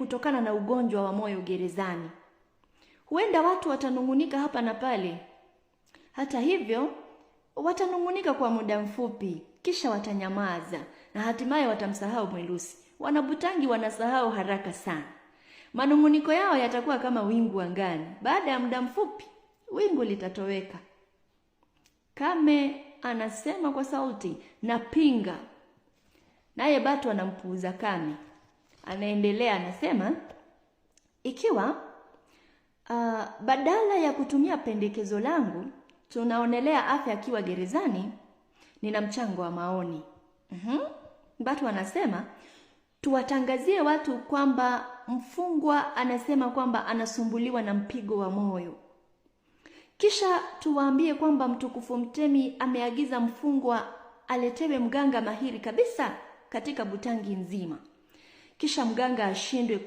kutokana na ugonjwa wa moyo gerezani. Huenda watu watanungunika hapa na pale. Hata hivyo, watanungunika kwa muda mfupi, kisha watanyamaza na hatimaye watamsahau Mwelusi. Wanabutangi wanasahau haraka sana. Manunguniko yao yatakuwa kama wingu angani. Baada ya muda mfupi, wingu litatoweka. Kame anasema kwa sauti, napinga. Naye Batu anampuuza Kame. Anaendelea anasema, ikiwa uh, badala ya kutumia pendekezo langu tunaonelea afya akiwa gerezani, nina mchango wa maoni. mm-hmm. Batu anasema tuwatangazie watu kwamba mfungwa anasema kwamba anasumbuliwa na mpigo wa moyo, kisha tuwaambie kwamba mtukufu Mtemi ameagiza mfungwa aletewe mganga mahiri kabisa katika Butangi nzima kisha mganga ashindwe